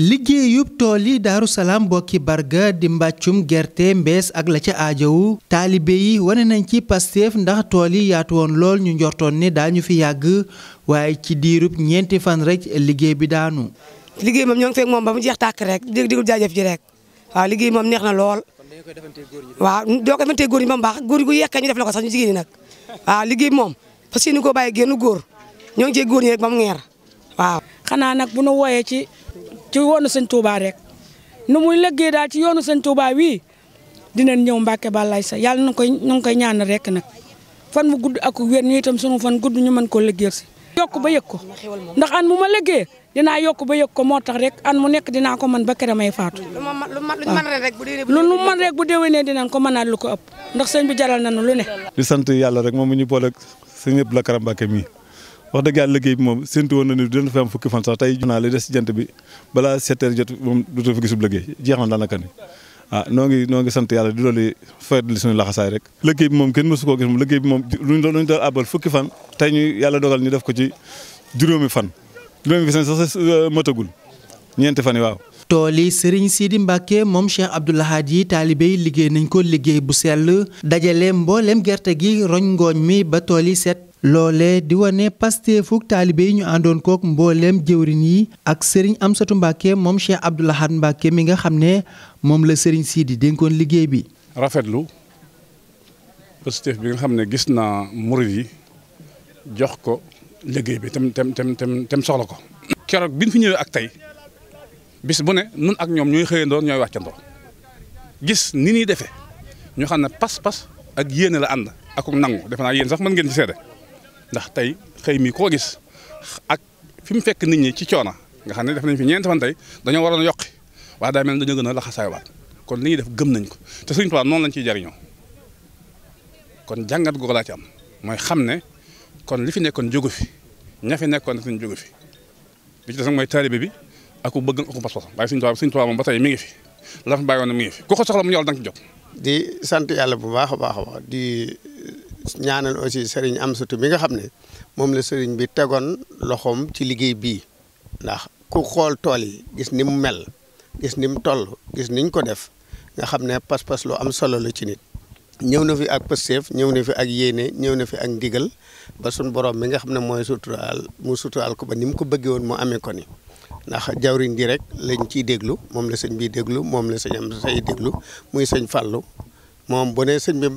liggéeyub tool yi daaru salaam bokki barga di mbàccum gerte mbees ak la ca aajowu taalibe yi wane nañ ci pasteef ndax tool yi yaatu woon lool ñu njortoon ne daañu fi yàgg waaye ci diirub ñeenti fan rek liggéey bi daanu. liggéey moom ñoo ngi fekk moom ba mu jeex tàkk rek dégg digul jaajëf ji rek waaw liggéey moom neex na lool. waaw doo ko defantee góor ñi ba mu baax góor ñi bu yekkee ñu def la ko sax ñu jigéen ñi nag waaw liggéey moom parce ni ko bàyyi génn góor ñoo ngi cee góor ñi rek ba mu ngeer waaw. xanaa nag bu nu wooyee ci ci yoonu sëñ Touba rek nu muy liggéey daal ci yoonu sëñ Touba wii dinañ ñëw Mbacke Balaye sa yàlla na koy na koy ñaan rek nag fan mu gudd aku wér ñu itam sunu fan gudd ñu mën koo liggéey si. yokk ba yëg ko ndax an mu ma liggéey dinaa yokk ba yeg ko moo tax rek an mu nekk dinaa ko mën ba kere may faatu. lu ma lu ma rek bu déwénee lu mën rek bu déwénee dinañ ko mënaat ko ëpp ndax sëñ bi jaral nañu lu ne. di sant yàlla rek moom mu ñu boole ak sëñ Abdou Lakram Mbacke wax dëgg yàlla liggéey bi moom séntu woon na ni dina fa am fukki fan sax tey naa li des ci jant bi balaa sept heures jot moom duta fa gisub liggéey jeex na daanaka ni ah noo ngi noo sant yàlla di dooli fayetli suñu laxasaay rek liggéey bi moom kenn mësu koo gis moom liggéey bi moom luñ doon luñ doon àbbal fukki fan tey ñu yàlla dogal ñu def ko ci juróomi fan juróomi fan sax euh, matagul ñeenti fan yi waaw tool sëriñ Serigne di Mbacke moom Cheikh Abdou Lahad yi taalibe yi liggéey nañ ko liggéey bu sell dajale mboolem gerte gi roñ ngooñ mi ba tool yi set loole di wane pasteefuk taalibe yi ñu àndoon kook mbooleem jëwrin yi ak sëriñ Amsatu Mbàkke moom Cheikh Abdou Lahad Mbàkke mi nga xam ne moom la sëriñ Sidi dénkoon liggéey bi rafetlu pasteef bi nga xam ne gis naa murid yi jox ko liggéey bi tam tam tam tam soxla ko keroog bi ñu fi ñëwee ak tey bis bu ne nun ak ñoom ñooy xëyandoor ñooy wàccandoo gis ni ñuy defee ñu xam ne pas-pas ak yéene la ànd ak nangu defe naa yéen sax mën ngeen ci seede ndax tey xëy mii koo gis ak fi mu fekk nit ñi ci coona nga xam ne def nañ fi ñeenti fan tey dañoo waroon yokk waaye daa mel ne dañoo gën a laxasaaywaat kon li ñuy def gëm nañ ko te Sëriñ Tuubaa noonu lañ ciy jariñoo kon jàngat googu laa ci am mooy xam ne kon li fi nekkoon jógu fi ña fi nekkoon daf nañ jógu fi li mooy taalibe bi ak ku bëgg ak ku pas-pas waaye Sëriñ Tuubaa Sëriñ Tuubaa ba tey mi ngi fi la fa bàyyi woon mi ngi fi ku ci jot. sant yàlla bu baax a baax di. ñaanal aussi sëriñ Amsatu mi nga xam ne moom la sëriñ bi tegoon loxoom ci liggéey bii ndax ku xool tool yi gis ni mu mel gis ni mu toll gis niñ ko def nga xam ne pas-pas lu am solo la ci nit ñëw na fi ak pësteef ñëw na fi ak yéene ñëw na fi ak ndigal ba suñ borom mi nga xam ne mooy suturaal mu suturaal ko ba ni mu ko bëggee woon mu amee ko ni ndax jawriñ ji rek lañ ciy déglu moom la sëñ bi déglu moom la sëñ am say déglu muy sëñ fàllu moom bu ne sëñ bi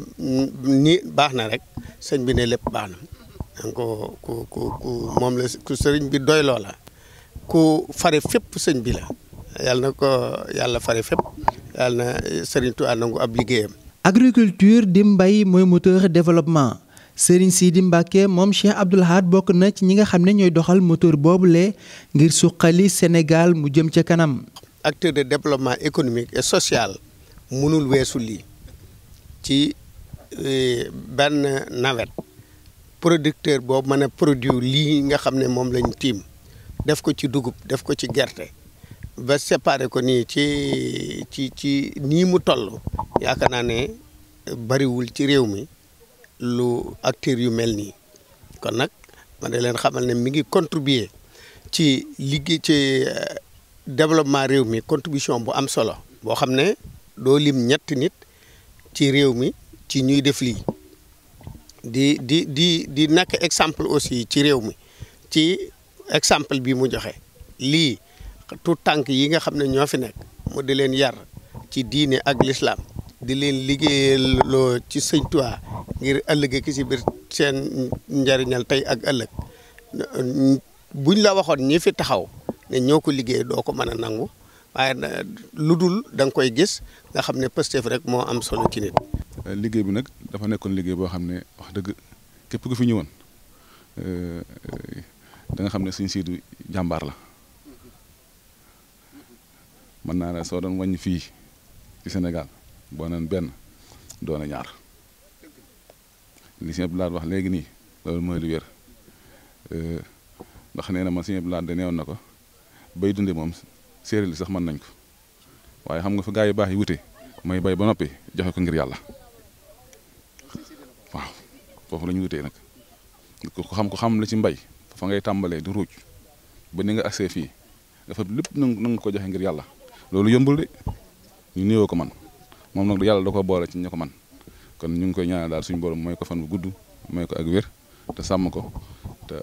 nii baax na rek sëñ bi ne lépp baax na donc ku ku ku moom la ku sëriñ bi doyloo la ko fare fépp sëñ bi la yàlla na ko yàlla fare fépp yàlla na sëriñ Tuubaa nangu ab liggéeyam. agriculture di mbay mooy moteur développement sëriñ di Mbacke moom Cheikh Abdoul Ahad bokk na ci ñi nga xam ne ñooy doxal moteur boobule ngir suqali Sénégal mu jëm ca kanam. acteur de développement économique et social mënul weesu lii. ci e, benn nawet producteur boobu mën a produire lii nga xam ne moom lañ tiim def ko ci dugub def ko ci gerte ba séparer ko nii ci ci ci nii mu toll yaakaar naa ne bariwul ci réew mi lu acteurs yu mel nii kon nag man da leen xamal ne mi ngi contribuer ci liggéey ci euh, développement réew mi contribution bu am solo boo xam ne doo lim ñetti nit ci réew mi ci ñuy def lii di di di di nekk exemple aussi ci réew mi ci exemple bi mu joxe lii tout tànk yi nga xam ne ñoo fi nekk mu di leen yar ci diine ak lislaam di leen liggéeyaloo ci sëñ ngir ëllëg ki si biir seen njariñal tey ak ëllëg buñ la waxoon ñi fi taxaw ne ñoo ko liggéey doo ko mën a nangu waaye lu dul da nga koy gis nga xam ne Pastef rek moo am solo ci euh, liggéey bi nag dafa nekkoon liggéey boo xam ne wax dëgg képp ku fi ñëwoon woon euh, danga xam ne suñ siidu jàmbaar la mën naa ne soo doon wàññi fii ci Sénégal boo neen benn doona ñaar li sëñ Abdou Lahad wax léegi nii loolu mooy lu wér euh, ndax nee na man sëñ Abdou Lahad na ko bay dunde moom. séeréer li sax man nañ ko waaye xam nga fa gaa yu baax yi wute mooy bay ba noppi joxe ko ngir yàlla waaw foofu la ñu wutee nag ko xam ko xam la ci mbay fa ngay tàmbalee di ruuj ba ni nga agsee fii nga fa lépp na nga ko joxe ngir yàlla loolu yombul de ñu néewoo ko man moom nag yàlla da ko boole ci ña ko man kon ñu ngi koy ñaanal daal suñu borom mooy ko fan bu gudd mooy ko ak wér te sàmm ko te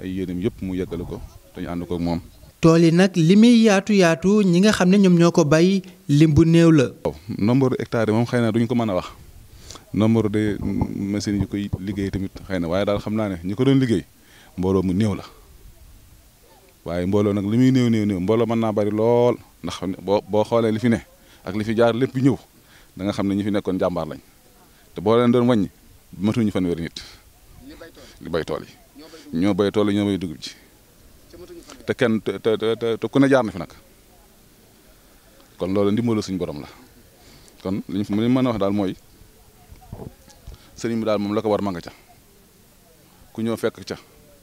ay yéenam yëpp mu yeggale ko te ñu ànd ko moom tool yi nag li muy yaatu yaatu ñi nga xam ne ñoom ñoo ko bay lim bu néew la. waaw nombre hectares yi moom xëy na duñu ko mën a wax nombre de machines yi koy liggéey tamit xëy na waaye daal xam naa ne ñu ko doon liggéey mbooloo mu néew la waaye mbooloo nag li muy néew néew néew mbooloo mën naa bari lool ndax boo boo xoolee li fi ne ak li fi jaar lépp ñëw da nga xam ne ñi fi nekkoon jàmbaar lañ te boo leen doon wàññi matuñu fanweeri nit li bay tool yi ñoo bay tool yi ño bay dugub te kenn te te te ku ne jaar na fi nag kon loolu ndimbalu suñu borom la kon li ñu mën a wax daal mooy sëriñ bi daal moom la ko war ma nga ca ku ñëw fekk ca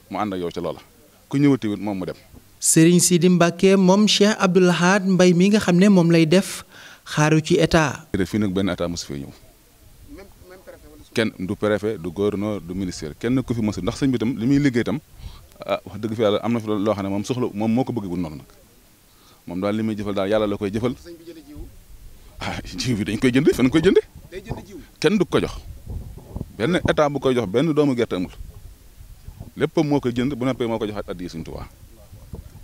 mu ànd ak yow ca loola ku ñëwati moom mu dem. sëriñ di Mbacke moom Cheikh Abdou Lahad mbay mi nga xam ne moom lay def xaaru ci état. fii nag benn état mosu fee ñëw kenn du préfet du gouverneur du ministère kenn ku fi mosu ndax sëñ bi tam li muy liggéey tam. ah wax dëgg fi yàlla am na fi loo xam ne moom soxla moom moo ko bëgg bu noonu nag moom daal li muy jëfal daal yàlla la koy jëfal ah jiw bi dañ koy jënd fan koy jënd kenn du ko jox benn état bu koy jox benn doomu gerte amul lépp moo koy jënd bu noppee moo ko koy joxaat addi suñu Tuubaa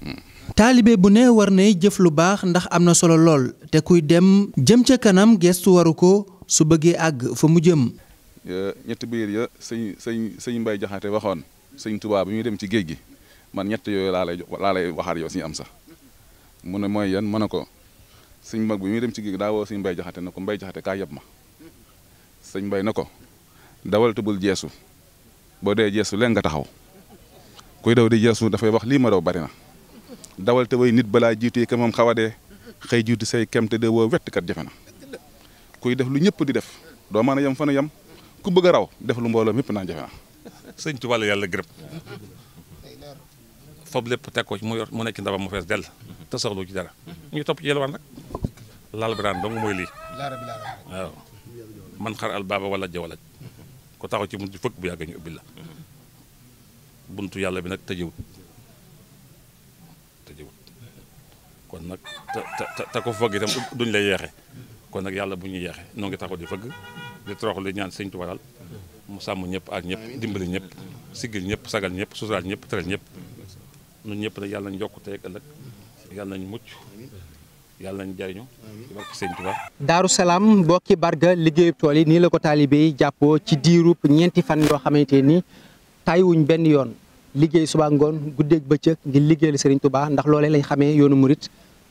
hmm. taalibe bu ne war nay jëf lu baax ndax am na solo lool te kuy dem jëm ca kanam gestu waru ko su bëggee àgg fa mu jëm ñetti biir ya sëñ sëñ sëñ Mbay Jaxate waxoon sëñ Tuubaa bi ñuy dem ci géej gi man ñett yooyu laa lay laa lay waxaat am sax mu ne mooy yan mën na ko sëñ mag bi ñuy dem ci géej gi daa woo sëñ mbay jaxate na ko mbay jaxate kaa yeb ma sëñ mbay na ko dawal tubul jeesu boo dee jeesu leen taxaw kuy daw di jeesu dafay wax lii ma daw bari na dawal te way nit balaa jiitu ka moom xaw a dee xëy jiitu say kem te de woo wett kat jafe na kuy def lu ñëpp di def doo man a yem fan a yem ku bëgg a raw def lu mbooloo mépp naa sëñ Tuubaa yàlla gërëm foofu lépp teg ci mu yor mu nekk ndabam mu fees dell te soxlu ci dara ñu topp ci yelwaan nag laal bi daan dong mooy lii waaw man xar al baaba wala jawalaj ku taxaw ci buntu fëkk bu yàgga ñu ubbi la buntu yàlla bi nag tëjewut tëjewut kon nag te te te ko fëgg duñ lay yeexe kon nag yàlla bu ñuy yeexe noo ngi taxaw di fëgg di toroxlu di ñaan sëñ Tuubaa mu sàmm ñëpp aar ñëpp dimbali ñëpp siggil ñëpp sagal ñëpp susaal ñëpp teral ñëpp ñun ñëpp nag yàlla nañ yokk tey ak ëllëg yàlla nañ mucc yàlla nañ jariñu Salaam mbokki Barga liggéeyu tool yi nii la ko taalibe yi jàppoo ci diirub ñeenti fan yoo xamante ni tàyyiwuñ benn yoon liggéey subaa ngoon guddeeg bëccëg ngir liggéeyal Sëriñ Tuubaa ndax loolee lañ xamee yoonu murit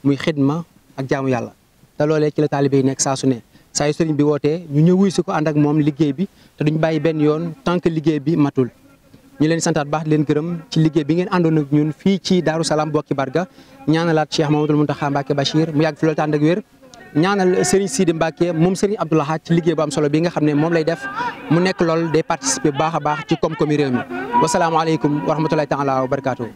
muy xidma ak jaamu yàlla te loolee ci la taalibe yi nekk saa su ne saa yu sëriñ bi wootee ñu ñëw wuy si ko ànd moom liggéey bi te duñ bàyyi benn yoon tant que liggéey bi matul ñu leen santaat baax leen gërëm ci liggéey bi ngeen àndoon ak ñun fii ci Daaru Salaam bokki barga ñaanalaat Cheikh Mamadou Mountakha Mbacké Bachir mu yàgg fi loolu te ànd ak wér ñaanal Serigne Sidi moom Serigne Abdou Lahad ci liggéey bu am solo bi nga xam ne moom lay def mu nekk lool day participer bu baax a baax ci koom-koomi réew mi wasalaamaaleykum wa rahmatulahi taala wa barakaatu